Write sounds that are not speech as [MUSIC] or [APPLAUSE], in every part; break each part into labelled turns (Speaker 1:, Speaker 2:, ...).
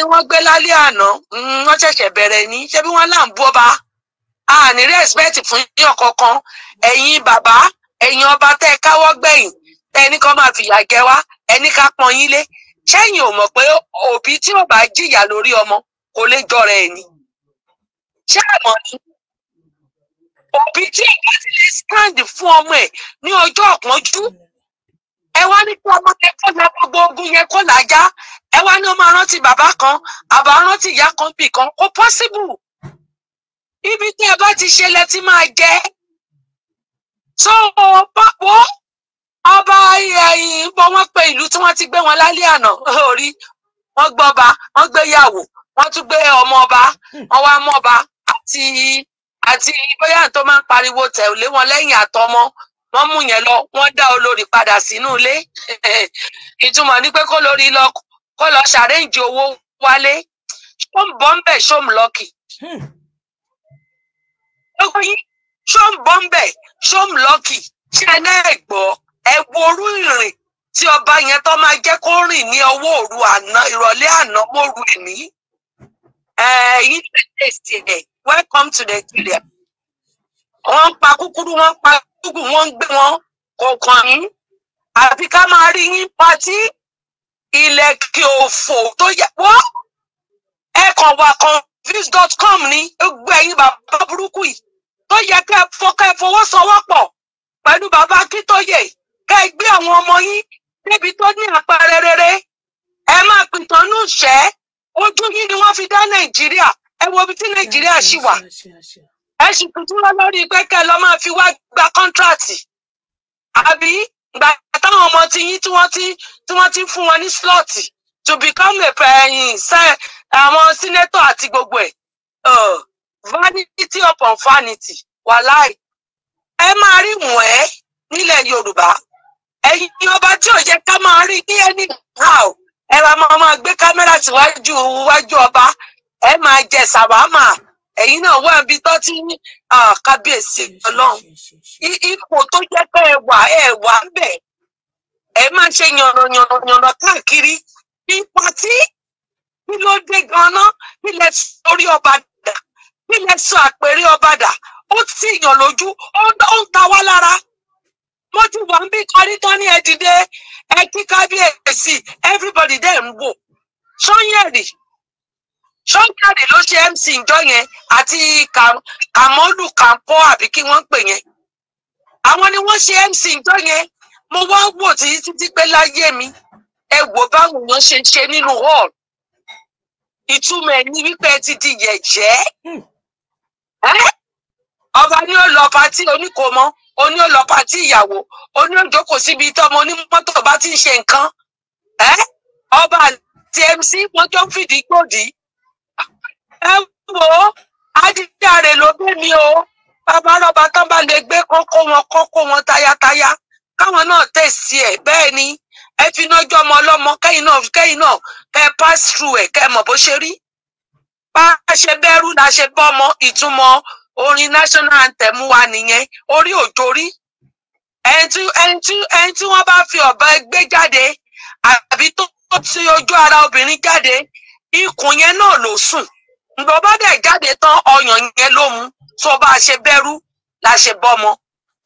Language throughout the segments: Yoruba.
Speaker 1: ni wọ́n gbé lálẹ́ àná mm, wọ́n ṣẹ̀ṣẹ̀ bẹ̀rẹ̀ ní ṣé bí wọ́n là ń bú ọba a ní rẹ́spẹ̀tì fún yíyan kankan ẹ̀yin bàbá ẹ̀yin ọba tẹ́ ẹ káwọ́ gbẹ̀yìn tẹ́ ẹni kan máa fìyà jẹ wá ẹni ká pọn yín lé ṣẹ́yìn ò mọ̀ pé òbí tí ò bá jìyà lórí ọmọ kò lè jọrọ ẹ̀ ni ṣé àmọ́ ni òbí tí ìgbà ti lè stand fún ọmọ ẹ̀ ní ọjọ́ ọ̀pọ̀njú ẹ wá ní kí ọmọ yẹn kó la gbogbo ogun yẹn kó la já ẹ wá ní ọmọ rántí bàbá kan àbá rántí ìyá kan bì kan kò pọ́síbù ibi tí ẹ bá ti ṣe lẹ ti máa jẹ so pápọ ọba ẹyìn bọ wọ́n pe ìlú tí wọ́n ti gbé wọn lálẹ́ àná orí wọ́n gbọba wọ́n gbéyàwó wọ́n tún gbé ọmọ ọba wọ́n wá mọ ọba àti àti bóyá tó máa ń pariwo tẹ̀lé wọn lẹ́yìn àtọmọ wọ́n mú yẹn lọ wọ́n dá olórí padà sínú ilé [LAUGHS] ìtumọ̀ ni pé kó lórí lọ kó lọ ṣàrẹ́ǹjì owó wálé ṣó ń bọ́ ń bẹ̀ hmm. ṣó ń lọ́kì. gbogbo yín ṣó ń bọ́ ń bẹ̀ ṣó ń lọ́kì ṣé ẹ náà gbọ́ ẹ wo orú ìrìn tí ọba yẹn tó máa jẹ́ kó rìn ní ọwọ́ òru àná ìrọ̀lẹ́ àná mòru ẹ̀mí. yín ṣe tèsì ẹ̀ welcome to Nigeria. wọ́n ń pa kúkúrú wọ́n ń pa gúgù wọ́n ń gbé wọn kọ̀ọ̀kan yín àfi ká máa rí yín patí ilẹ̀ kí o fò tó yẹ wọ́n ẹ kàn wá confuse dot com ní gbogbo ẹ̀yin bàbá burúkú yìí tó yẹ kẹ́ fọkẹ́ fọwọ́sowọ́pọ̀ pẹ̀lú bàbá Akíntóyè kẹ́ gbé àwọn ọmọ yín débi tó ní àpẹẹrẹ rere ẹ máa pìtànú ìṣẹ́ ojú yín ni wọ́n fi dá Nàìjíríà ẹ wo ibi tí Nàìjíríà ṣì wà ẹ sì tuntun lọ lórí pé kẹ́ lọ máa fi wá gba kọ́ńtrátì àbí gbà táwọn ọmọ ti yín tí wọ́n ti tí wọ́n ti fún wọn ní slot to become a ẹ̀yìn sẹ́ àwọn senator àti gbogbo ẹ̀ oh, vanity upon vanity wàláì ẹ máa rí wọ̀n ẹ́ nílẹ̀ Yorùbá ẹ̀yin ọba tí ò yẹ ká máa rí ní ẹni how ẹ wá máa máa gbé kámẹ́rà síwájú iwájú ọba ẹ máa jẹ sàwámà ẹ̀yin náà wà níbi tó ti ní ah, kábíyèsí Ọlọ́run ipò tó jẹ́ pé ẹ wà ẹ wà ń bẹ̀ ẹ máa ṣe yànnàyànnàyànnà káàkiri ipa tí kí ló dé ganan kí lẹ sórí ọba dà kí lẹ sọ àpèrè ọba dà ó ti yàn lójú ó ń ta wá lára mo ti wà ń bí kọríkọ ní ẹdìdẹ ẹ kí kábíyèsí everybody dẹ̀ ń wò sọ́yẹ̀rì sọ́yẹ̀rì ló ṣe mc ìjọ yẹn àti kàmọ́lù kàǹpọ̀ àbí kí wọ́n pè yẹn àwọn ni wọ́n ṣe mc ìjọ yẹn mo wá wò tí títí pé láyé mi ẹ wò báwọn èèyàn ṣe ń ṣe nínú hall ìtumọ̀ ẹ̀ ní wípé ti di yẹ̀jẹ́ hmm. ọba ní ó lọ patí oníkòmọ́ oní ó lọ patí ìyàwó oní ó jókòó síbi tọ́mọ onímọ́tò bá ti ń ṣe nǹkan ọba àti mc wọn jọ ń fìdí gbòdì ẹ wò ó adídàrè ló bẹ́ mi o bàbá rọba tán bá lè gbé kókó wọn kókó wọn tayátayá káwọn náà tẹ̀sí ẹ̀ bẹ́ẹ̀ ni ẹ fi nájọ́ ọmọ ọlọ́mọ kẹ́yìn náà kẹ́yìn náà kẹ́ pass through ẹ̀ kẹ́ mọ̀ bó ṣe rí bá a ṣe bẹ́rù la ṣe bọ́mọ ìtumọ̀ orin national anthem wa nìyẹn orí òjòrí ẹni tí ẹni tí ẹni tí wọ́n bá fi ọ̀bẹ gbé jáde àbí tó ti ojú ara obìnrin jáde ikùn yẹn náà ló sùn ǹgbọ́n bá dẹ̀ jáde tán ọyàn yẹn ló mu tó bá a ṣe bẹ́rù la ṣe bọ́mọ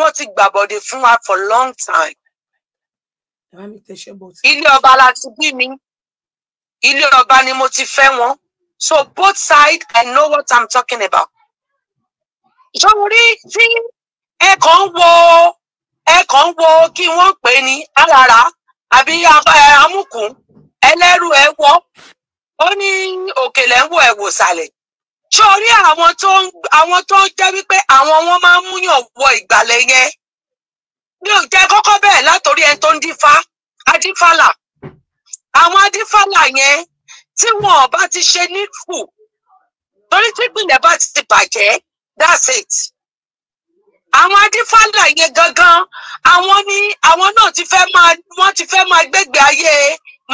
Speaker 1: wọ́n ti gbàbọ̀dè fún wa for long time. ilé ọba la ti bí mi ilé ọba ni mo ti fẹ́ wọn so both sides I know what I'm talking about. ìṣòwòrí tí ẹ kàn ń wo ẹ kàn ń wo kí wọ́n pè ní alára àbí amúkùn ẹlẹ́rù ẹ wọ́ ó ní òkèlè ń wò ẹ̀ sàlẹ̀ sórí àwọn tó ń àwọn tó ń jẹ́ wípé àwọn wọn máa ń múyàn wọ ìgbàlẹ̀ yẹn mi ò jẹ́ kọ́kọ́ bẹ́ẹ̀ látòrí ẹni tó ń dífá adífálà àwọn adífálà yẹn tí wọn bá ti ṣe ní fù torí tí ìpìlẹ̀ bá ti bàjẹ́ that's it àwọn adífálà yẹn gangan àwọn ní àwọn náà ti fẹ́ máa wọ́n ti fẹ́ máa gbégbé ayé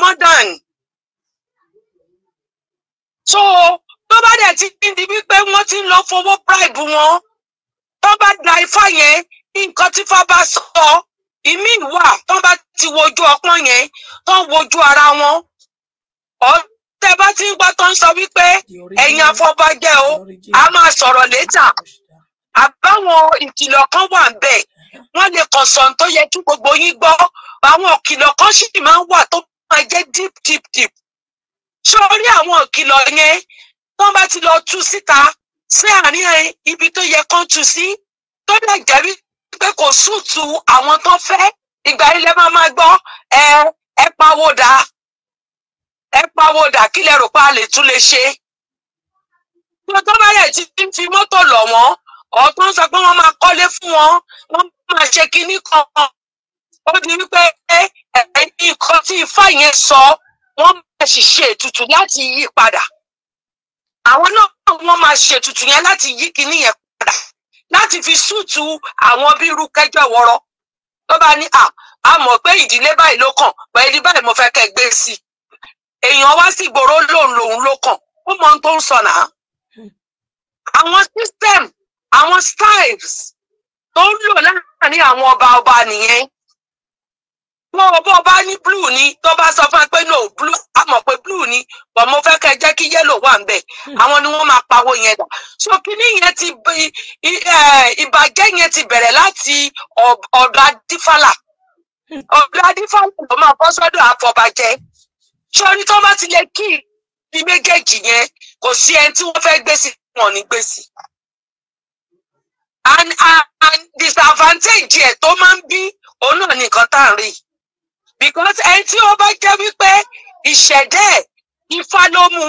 Speaker 1: modern so tó bá dẹ̀ ti di wípé wọ́n ti ń lọ fowó bribe wọn tó bá da ifá yẹn nǹkan tí fá bá sọ ìmí wà tó bá ti wojú ọpọ́n yẹn tó ń wojú ara wọn tẹ bá ti ń gbọ́ tó ń sọ wípé ẹ̀yin afọbajẹ o a máa sọ̀rọ̀ létà àbáwọn ìkìlọ̀ kan wà bẹ́ẹ̀ wọ́n lè kàn sọ̀n tó yẹ kí gbogbo yín gbọ́ àwọn ìkìlọ̀ kan sì máa ń wà tó máa jẹ́ deep deep deep sórí àwọn ìkìlọ̀ yẹn tó bá ti lọ tú síta sí àárín ibi tó yẹ kán tú sí tó dẹ̀ jẹ́ wípé kò súùtù àwọn tó fẹ́ ìgbà ilẹ̀ máa máa gbọ́ ẹ ẹ pawó dà ẹ pawó dà kí lẹ rò pé a lè tún lè ṣe. tó tó bá yẹ ti fi mọ́tò lọ̀ wọ́n ọ̀tún sọ pé wọ́n máa kọ́lé fún wọn wọ́n máa ṣe kinní kan ó di wípé ẹ̀yìn nǹkan tí ifá yẹn sọ wọ́n máa sì ṣe ètùtù láti yí padà àwọn náà wọ́n máa ṣètùtù yẹn láti yí kinní yẹn padà láti fi súùtù àwọn bí irú kẹjọ wọrọ tó bá ní à á mọ̀ pé ìdílé báyìí ló kàn pẹ̀lú báyìí mo fẹ́ kẹ́ gbé sí i èèyàn wá sí ìgboro lòun lòun ló kàn ó mọ ohun tó ń sọ náà àwọn system àwọn styles tó ń lò láàárín àwọn ọba ọba nìyẹn wọn bó bá ní blue ni tó bá sọ fún pé no blue a mọ̀ pé blue ni but mo fẹ́ kẹ́ jẹ́ kí yellow wà nbẹ̀ hmm. àwọn ni wọ́n máa pawó yẹn dà so kíní yẹn ti ìbàjẹ́ yẹn ti bẹ̀rẹ̀ láti ọ̀dọ̀ adífàlà ọ̀dọ̀ hmm. adífàlà ló máa bọ́ sọ́dọ̀ àfọ̀bàjẹ́ sọ́ni tó bá ti lè kí ibi méjèèjì yẹn kò sí ẹni tí wọ́n fẹ́ gbé sí wọn ní gbé sí and and disadvantage ẹ̀ tó máa ń bí òun náà nìkan tá à ń rí i because ẹni tí ó bá jẹ́ wípé ìṣẹ̀dẹ̀ ifá ló mú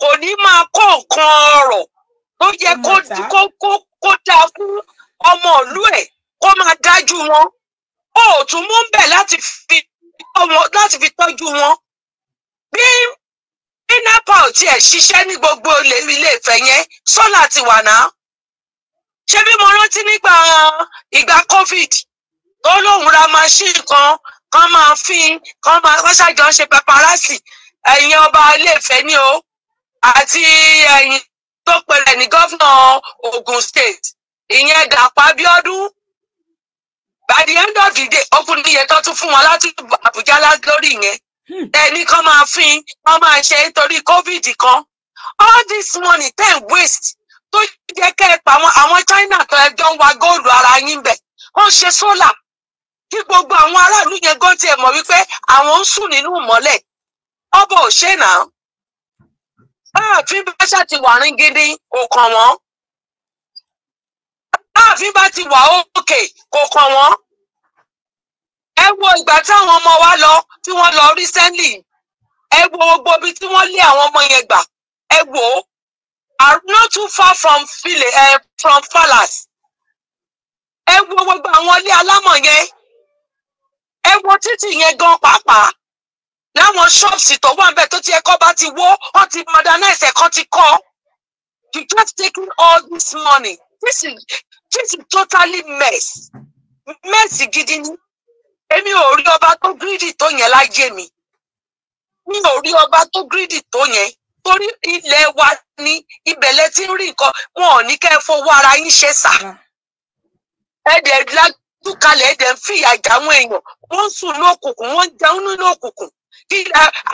Speaker 1: kò ní máa kó nǹkan ọ̀rọ̀ tó yẹ kó kó kó dáa fún ọmọ ìlú ẹ̀ kó máa dájú wọn ó tún mú bẹ̀ láti fi láti fi tọ́jú wọn bí bí nepa ò tiẹ̀ ṣiṣẹ́ ní gbogbo ilé Ifẹ̀ yẹn sọ́là ti wà náà ṣé bí mo rántí nígbà ìgbà covid tó lóun ra machine kan kán máa fín kán máa kán ṣàjọ ṣe paparazzi ẹ̀yin ọba iléèfẹ́ ni o àti ẹ̀yin tó pẹlẹ ní gọ́fìnà Ogun State ìyẹn Dàpọ̀ Abíọ́dún by the end of the day okun níye tó tún fún wọn láti Àbújá lórí yẹn hmm. ẹni kan máa fín wọn máa ṣe torí covid kan all this money ten waste tó jẹ́ kẹ́ ẹ pa àwọn China tó ẹjọ́ ń wa góòlù ara yín bẹ̀ wọ́n ṣe sólà kí gbogbo àwọn aráàlú yẹn gan tiẹ̀ mọ̀ wípé àwọn ń sùn nínú ìmọ́lẹ̀ ọba ò ṣe náà báàfin bá ṣá ti wà rìn gidi kò kàn wọ́n báàfin bá ti wà òkè kò kàn wọ́n ẹ wo ìgbà táwọn ọmọ wa lọ tí wọ́n lọ recently ẹ wo gbogbo ibi tí wọ́n lé àwọn ọmọ yẹn gbà ẹ wo are not too far from file uh, from falas ẹ wo gbogbo àwọn ilé alámọ̀ yẹn ẹ wo títì yẹn gan pàápàá láwọn ṣọ́ọ̀ṣì tó wà níbẹ̀ tó ti ẹ̀kọ́ bá ti wó wọ́n ti modernize ẹ̀kọ́ ti kọ́ you just taking all this money this is this is totally mess mess gidi ni èmi ò rí ọba tó gírídì tó yẹn láyé mi mi ò rí ọba tó gírídì tó yẹn torí ilẹ̀ wa ni ibẹ̀lẹ̀ tí ń rí nǹkan wọn ò ní kẹ́ ẹ ara yín ṣe sà ẹ dẹ̀ lágbàá dúkalẹ̀ ẹ̀dẹ̀ ń fìyà jáwọn èèyàn wọ́n ń sùn ní òkùnkùn wọ́n ń jẹun nínú òkùnkùn kí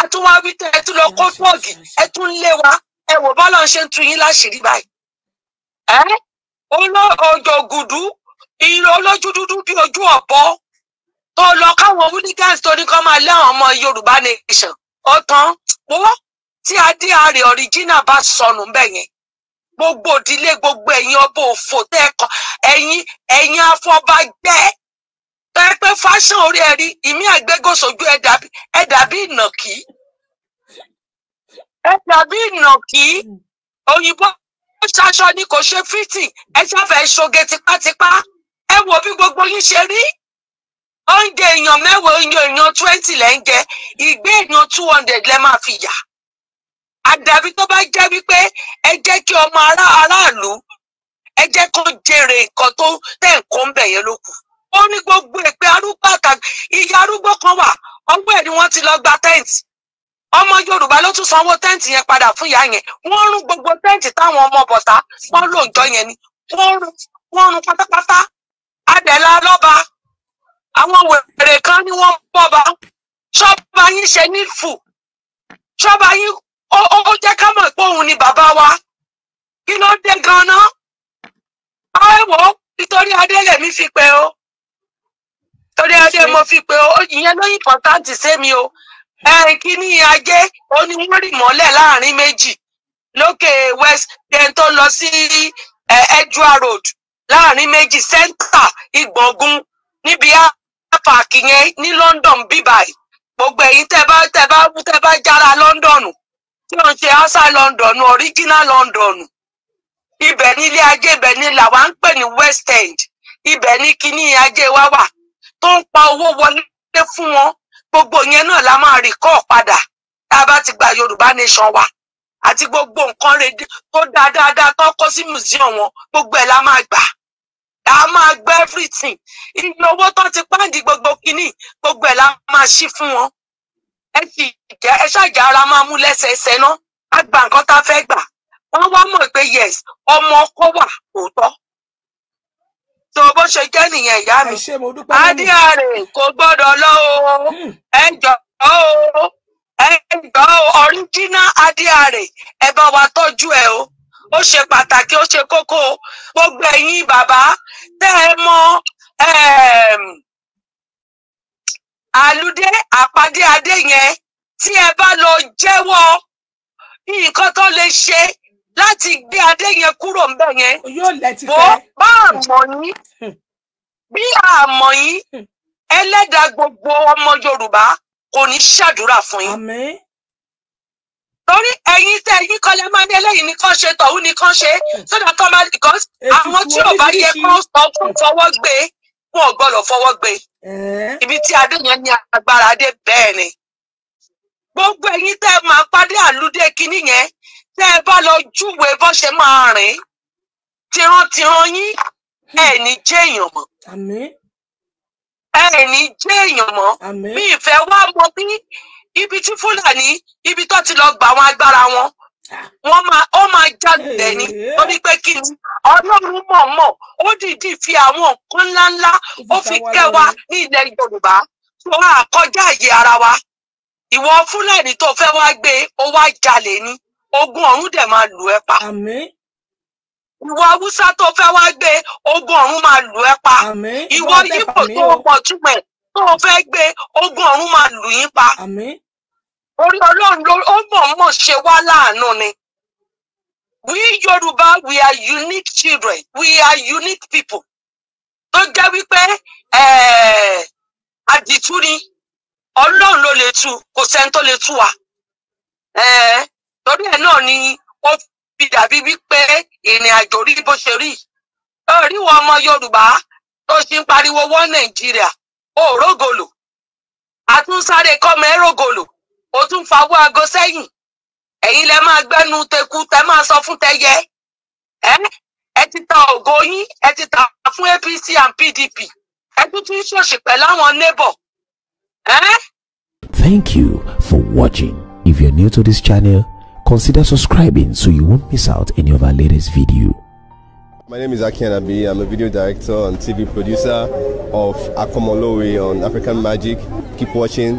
Speaker 1: àtúnwáwí tẹ ẹ tún lọ kó pọ̀gì ẹ tún lé wa ẹ wò bọ́lá ń ṣe ń tu yín láṣìírí báyìí. ẹ ọjọ́ gùdú ìrìn olójú dúdú bíi ojú ọ̀pọ̀ tó lọ káwọn hooligans tó ní kán máa lé àwọn ọmọ Yorùbá nation ọ̀tán wọ́n tí adé ààrẹ original bá sọnù bẹ́ẹ̀ yẹn gbogbo ìdílé gbogbo ẹ̀yin ọba òfò tẹ́ẹ̀kan ẹ̀yin ẹ̀yin afọbajẹ́ pẹ́pẹ́ fashion orí ẹ̀rí ìmí àgbégòsójú ẹ dàbí ìnàkí ẹ dàbí ìnàkí òyìnbó ṣaṣọ ni kò ṣe fitting ẹ ṣàfẹ́ ṣoge tipátipá ẹ wo bí gbogbo yín ṣe rí oúnjẹ èèyàn mẹ́wàá oúnjẹ èèyàn twenty lẹ́ ń jẹ ìgbé èèyàn two hundred lẹ́ máa fi yà àdàbí tó bá jẹ́ wípé ẹ jẹ́ kí ọmọ aráàlú ẹ jẹ́ kó jèrè nǹkan tó tẹ̀ ń kó ń bẹ̀ yẹn ló ó ní gbogbo èpè arúgbó àtàgbà ìyá arúgbó kan wà ọgbọ́ ẹ̀ ni wọ́n ti lọ gba tẹ́ǹtì ọmọ yorùbá ló tún sanwó tẹ́ǹtì yẹn padà fún ìyá yẹn wọ́n rún gbogbo tẹ́ǹtì táwọn ọmọ bọ̀tá wọ́n lò yẹn ni wọ́n rún pátápátá adẹ̀lá lọ́ba àwọn wèrè kan ni wọ́n bọ́ba ṣọ́ba yín ṣe nífù ṣọ́ba yín ó jẹ́ ká mọ̀ pé òun ni bàbá wa kí ló dé ganan àìwò nítorí adélèmí fi pé o torí adé mo fi pé o ìyẹn ló important sẹ́mi o ẹ̀rìn kínní ajé ó ní wọ́n rì mọ́lẹ̀ láàrin méjì lókè west den tó lọ sí edgua road láàrin méjì center ìgbọ̀ngún níbi apáàkì yẹn ní London bíbáyìí gbogbo ẹ̀yin tẹ́ bá tẹ́ bá tẹ́ bá jára London. tí o ṣe outside London original London ibẹ̀ ní ilé ajé ibẹ̀ ní làwa ń pè ní West End ibẹ̀ ní kíní ajé wa wà tó ń pa owó wọlé fún wọn gbogbo yẹn náà la máa rí kọ́ padà tá a bá ti gba Yorùbá nation wa àti gbogbo nǹkan rẹ̀ tó dáadáa tó kọ́ sí museum wọn gbogbo ẹ̀ la máa gbà a máa gbọ́ everything ìnáwó tó ti pàǹdì gbogbo kínní gbogbo ẹ̀ la máa ṣí fún wọn ẹ sì jẹ ẹ ṣàjà ara máa mú lẹ́sẹẹsẹ náà á gba nǹkan tá a fẹ́ gbà wọ́n wá mọ̀ pé yes ọmọ ọkọ wà òótọ́ tó bó ṣe jẹ́ nìyẹn ìyá mi adíàrè kò gbọ́dọ̀ lọ o hmm. ẹ jọ o ẹ jọ o original adíàrè ẹ bá wa tọ́jú ẹ o ó ṣe pàtàkì ó ṣe kókó gbogbo ẹ̀yin bàbá tẹ́ ẹ mọ̀ àlùdé àpàdé adé yẹn tí ẹ bá lọ jẹ́wọ́ nǹkan tó lè ṣe láti gbé adé yẹn kúrò ńbẹ̀ yẹn bó bá àmọ́ yín bí àmọ́ yín ẹlẹ́dàá gbogbo ọmọ Yorùbá kò ní ṣàdúrà fún yín. torí ẹ̀yin tẹ ẹ̀yin kan máa ní eléyìí nìkan ṣe tọ̀hún nìkan ṣe sódà kan àwọn tí ò bá yẹ kó sọ fún fọwọ́ gbé wọn ò gbọ́dọ̀ fọwọ́ gbé ibi tí adé ní agbára dé bẹ́ẹ̀ ni gbogbo ẹ̀yin tẹ́ máa pàdé àlùdé kínní yẹn tẹ́ bá lọ júwèé bó ṣe máa rìn tirantiran yín hmm. ẹ ní jẹ́ èèyàn ẹ ní jẹ́ èèyàn mi ìfẹ́ wá mọ̀ bí ibi tí fúlàní ibi tó ti lọ gbà àwọn agbára wọn wọ́n máa ó máa jáde ní eh. torí pé kí ni ọlọ́run mọ̀ọ́mọ̀ ó dìídì fi àwọn nǹkan ńláńlá ó fi kẹ́ wa ní ilẹ̀ yorùbá tó wà kọjá àyè ara wa ìwọ fúlàní tó fẹ́ wá gbé ó wá jalè ní ogun ọ̀run dẹ̀ máa lù ẹ́ pa ìwọ haúsá tó fẹ́ wá gbé ogun ọ̀run máa lù ẹ́ pa ìwọ yíbò tó pọ̀ túmọ̀ tó fẹ́ gbé ogun ọ̀run máa lù yín pa. Àmín orí ọlọ́run ló ó mọ̀ọ́mọ̀ ṣe wá láàánú ni. we Yoruba, we are unique children we are unique people tó jẹ́ wípé eh, àdìtú ni ọlọ́run ló lè tú kò sẹ́ni tó lè tú wa. Eh, torí ẹ̀ náà ni ó fi dàbí wípé ìrìn àjò rí bó ṣe rí. orí wọn ọmọ yorùbá tó ṣe ń pariwo wọ́n nàìjíríà ó rògòlò àtúnsáré kọ́mọ ẹ̀ rògòlò ó tún fawọ́ aago sẹ́yìn ẹ̀yin lẹ máa gbẹ́nu teku tẹ máa sọ fún tẹyẹ ẹ ti ta ògo yín ẹ ti ta fún APC and PDP ẹ tún tún ṣòṣìpẹ̀ láwọn neighbor. Thank you for watching. If you're new to this channel, consider subscribing so you won't miss out any of our latest video. My name is Aki Anabi. I'm a video director and TV producer of Akomolowe on African Magic. Keep watching